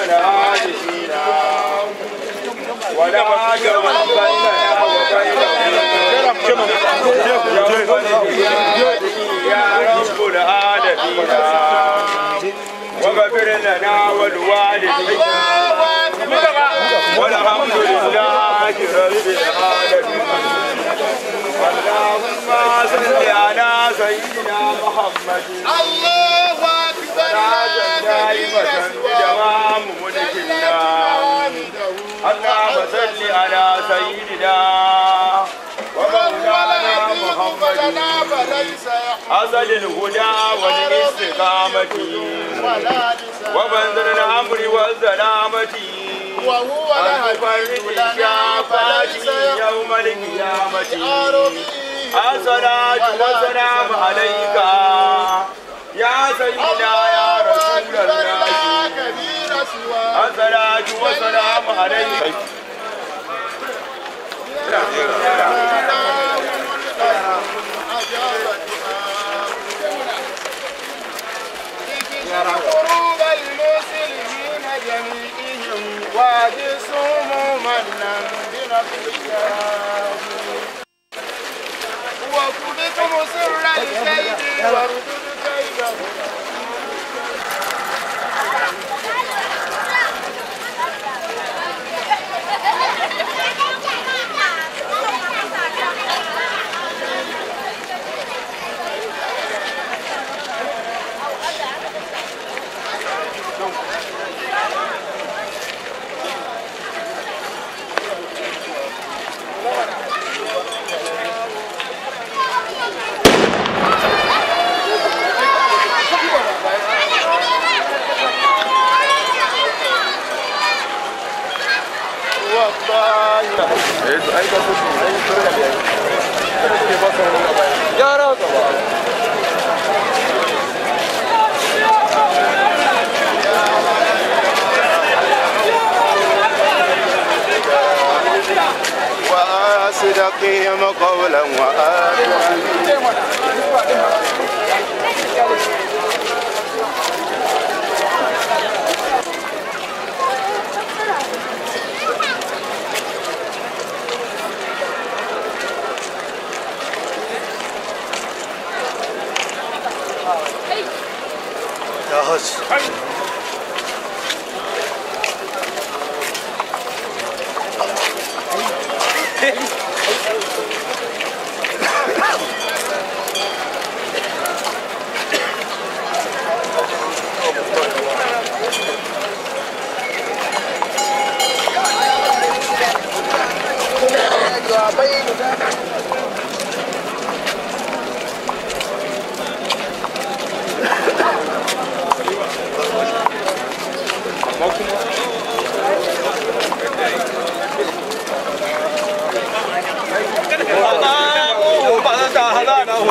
بين عاجزينا ولا عاجز بيننا وبينهم يا رب العالمين واغفر لنا ولوالدينا والحمد لله رب العالمين اللهم صل على سيدنا محمد الله صلاة دائمة بدوام ملك الله اللهم صل على سيدنا ومولانا محمد أزل الهدى والاستقامة وبنزل الأمر والسلامة وهو لهدي لنا يوم القيامة الصلاة والسلام عليك يا سيدنا يا رسول الله الصلاة والسلام عليك قلوب المسلمين جميعهم واجسهم منا بنفسك وكبتم سر الكيد وردد Obrigado.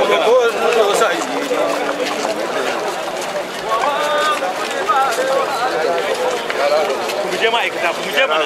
Mu je ma'aikata, mu je mana.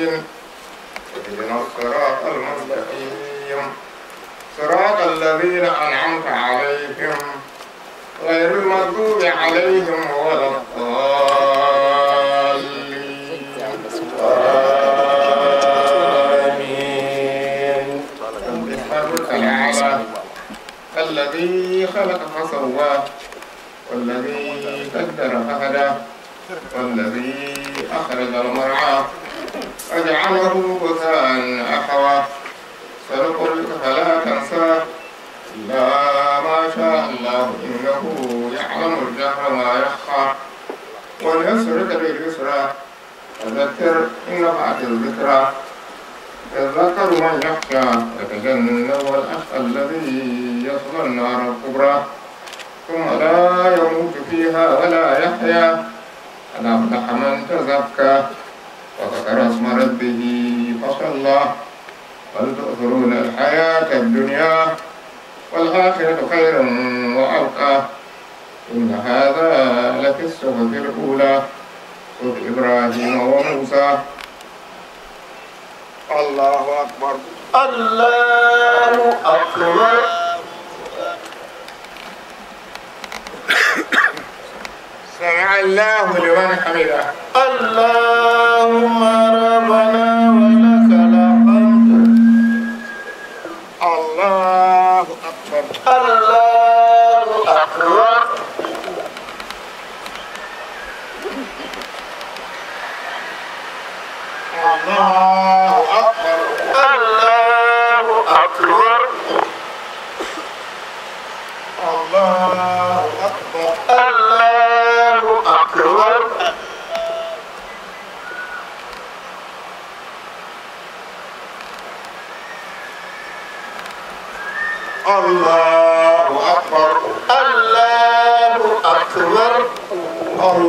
المستقيم اهدنا الصراط المستقيم صراط الذين أنعمت عليهم غير المغضوب عليهم ولا الضالين آمين الذي خلق فسواه والذي قدر فهدى والذي أخرج المرعى فجعله غثاء أحوى سنقرئك فلا تنسى إلا ما شاء الله إنه يعلم الجهر ما يخفى وليسرك باليسرى فذكر إن بعد الذكرى تذكر من يخشى يتجنب الأشقى الذي يصلى النار الكبرى ثم لا يموت فيها ولا يحيا ألا أفلح نعم من تزكى وذكر اسم ربه فصلى بل تؤثرون الحياة الدنيا والآخرة خير وأبقى إن هذا لفي الصحف الأولى صحف إبراهيم وموسى الله أكبر الله أكبر سمع الله لمن حمده اللهم ربنا ولك الحمد الله أكبر الله أكبر الله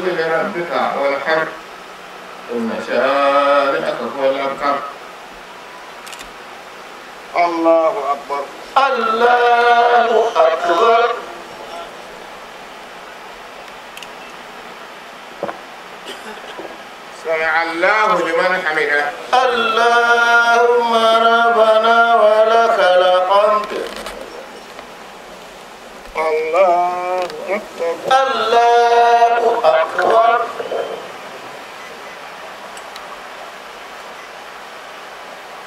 فصل لربك وانحر إن شارعك هو الأبتر الله أكبر الله أكبر سمع الله لمن حمده اللهم ربنا ولك الحمد الله أكبر الله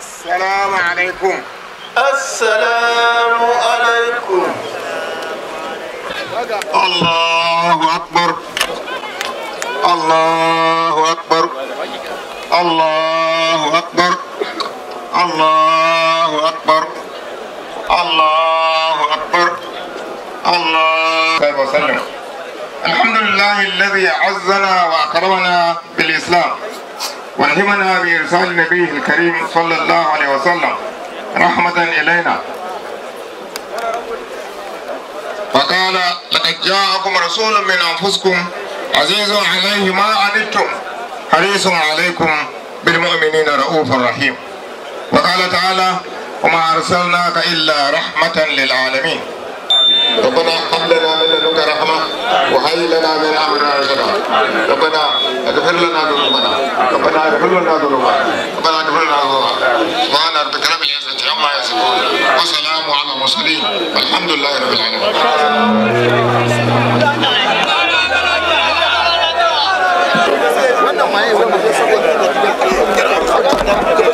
السلام عليكم السلام عليكم الله أكبر الله أكبر الله أكبر الله أكبر الله أكبر الله أكبر طيب الحمد لله الذي عزنا وأكرمنا بالإسلام والهمنا بإرسال النبي الكريم صلى الله عليه وسلم رحمة إلينا فقال لقد جاءكم رسول من أنفسكم عزيز عليه ما عنتم حريص عليكم بالمؤمنين رؤوف رحيم وقال تعالى وما أرسلناك إلا رحمة للعالمين ربنا هب لنا من لدنك رحمه وهب لنا من امرنا رشدا ربنا اغفر لنا ذنوبنا ربنا اغفر لنا ذنوبنا ربنا اغفر لنا ذنوبنا سبحان ربك رب العزه عما يصفون وسلام على المرسلين والحمد لله رب العالمين Thank you.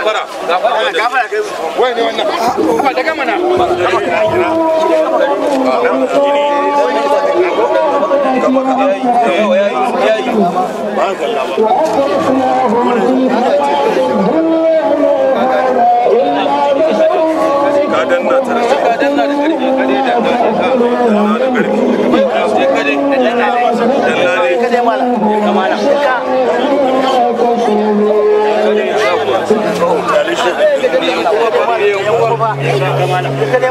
gafara gafara kai wai ne wannan ba daga mana ka danna ta da ka danna da karfi ka dai da ka danna da karfi ka dai ka dai ka dai mala ka Kita dia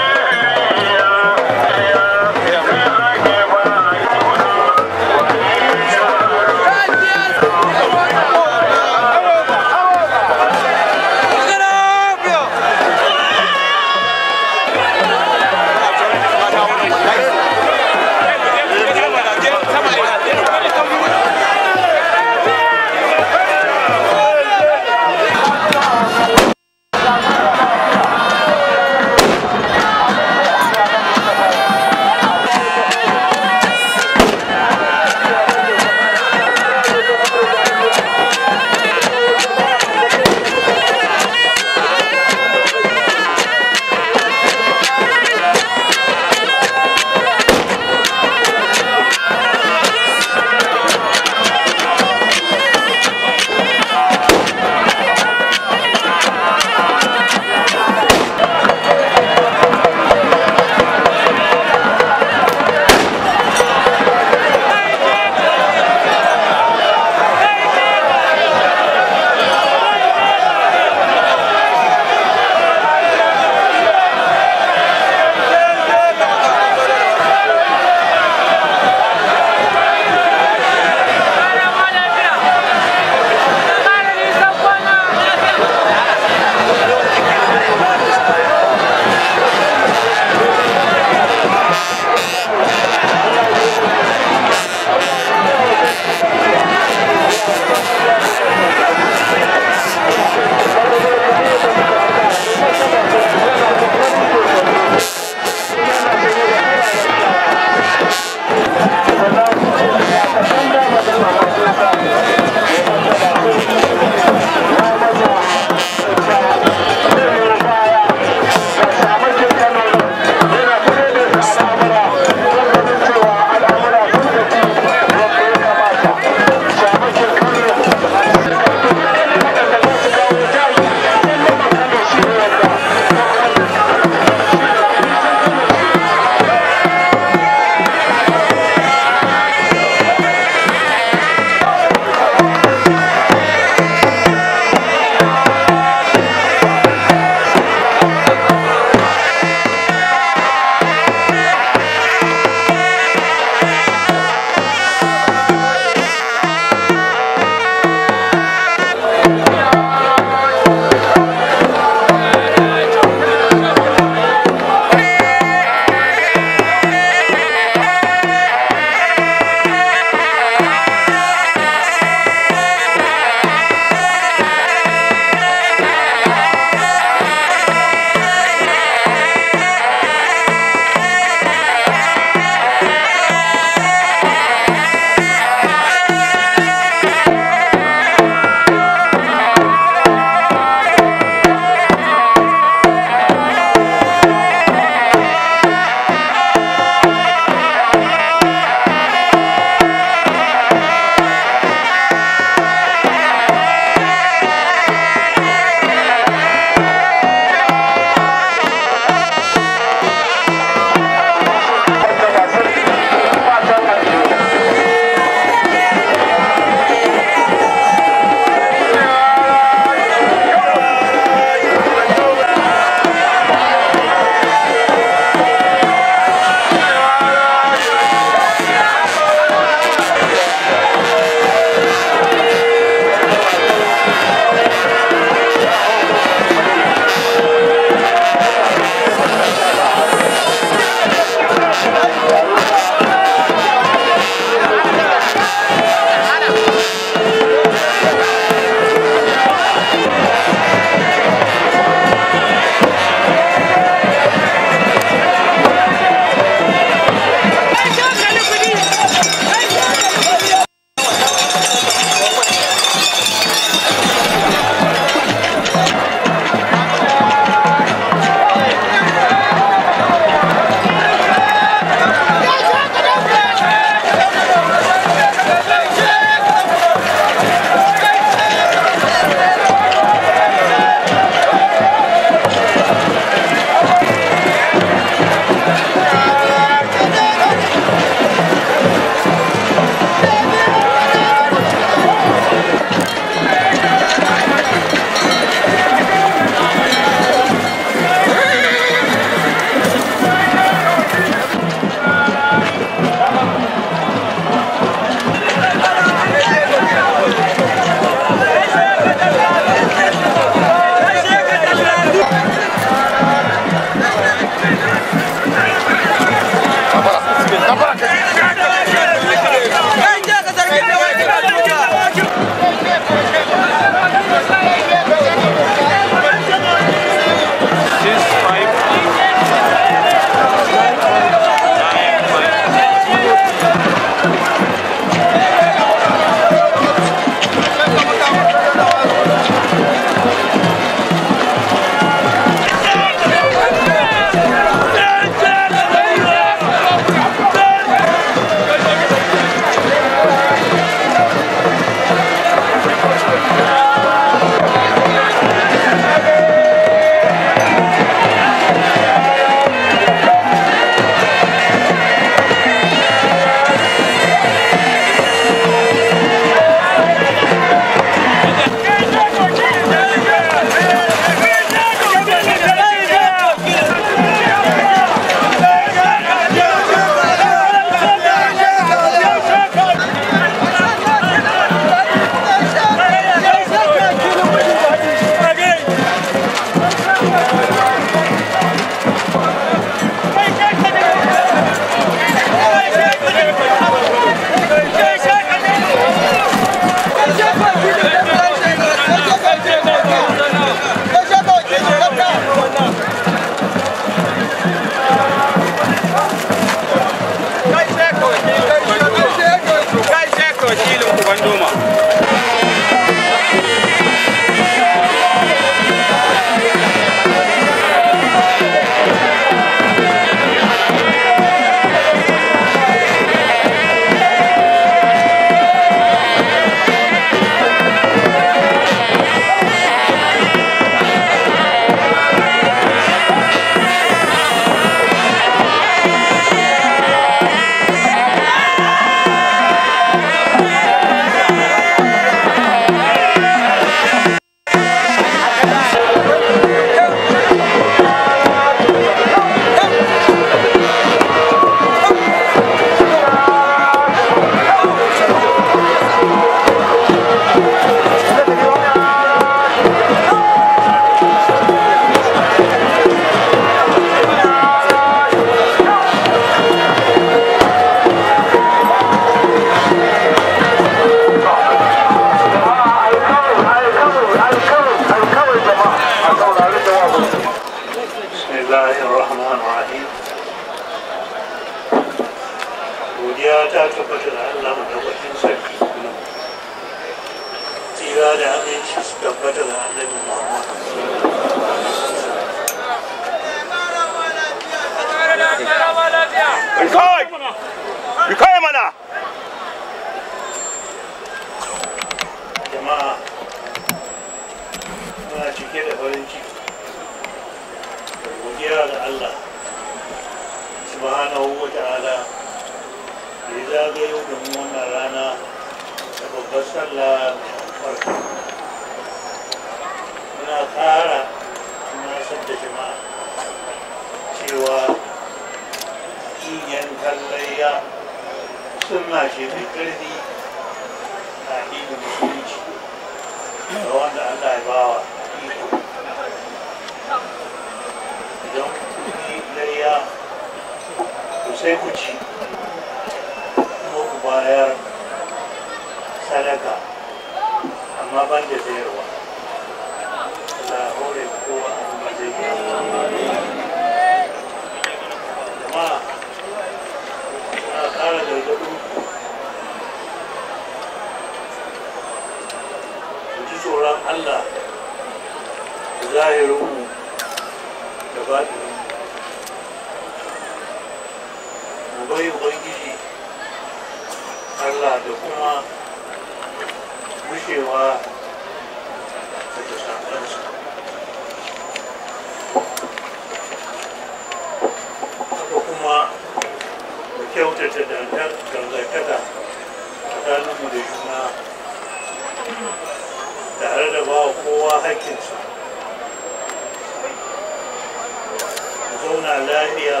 zauna lafiya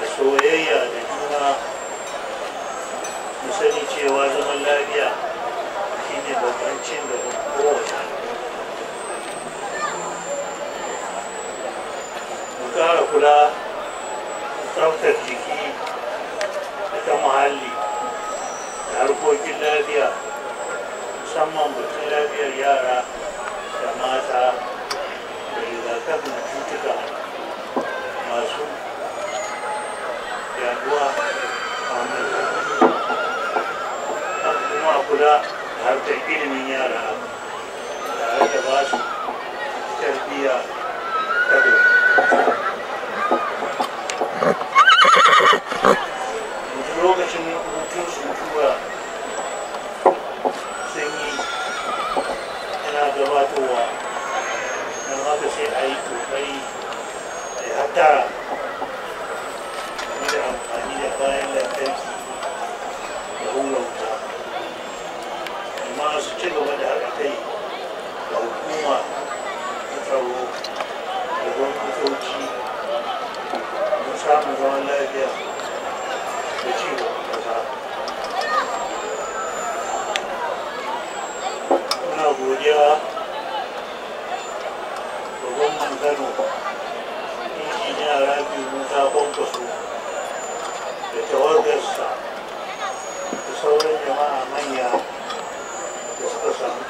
da soyayya da juna mu sani cewa zaman lafiya shine babban cin gaban kowace mu ƙara kula tsaftar jiki ta muhalli da harkokin lafiya musamman batun lafiyar yara da mata da rigakafin cutuka yaduwa a wannan kuma a kula da harkar ilimin yara tare da ba su tarbiyya ta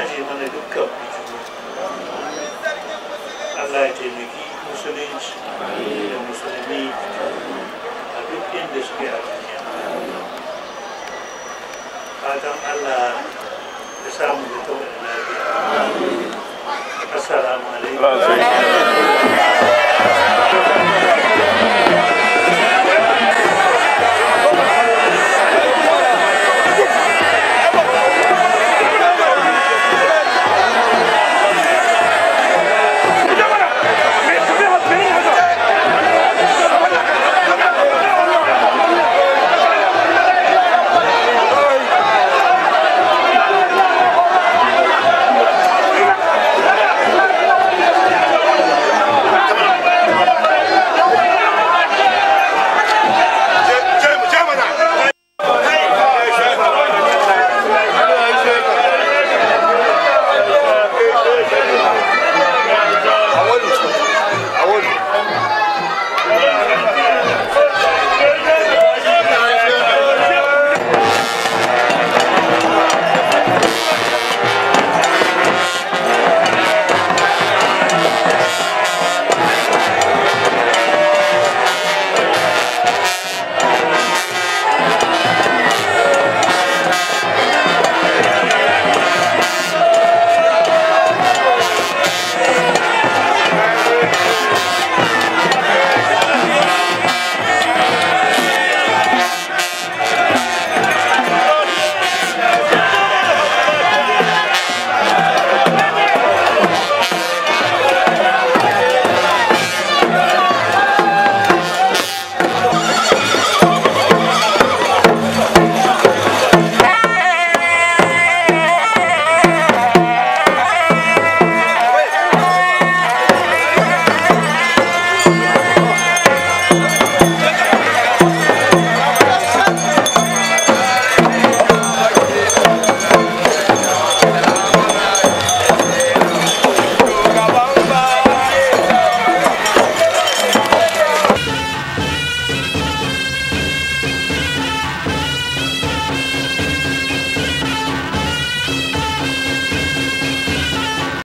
aje mana dukkan Allah ya taimaki musulunci da musulmi a duk inda suke a duniya fatan Allah ya samu da lafiya assalamu alaikum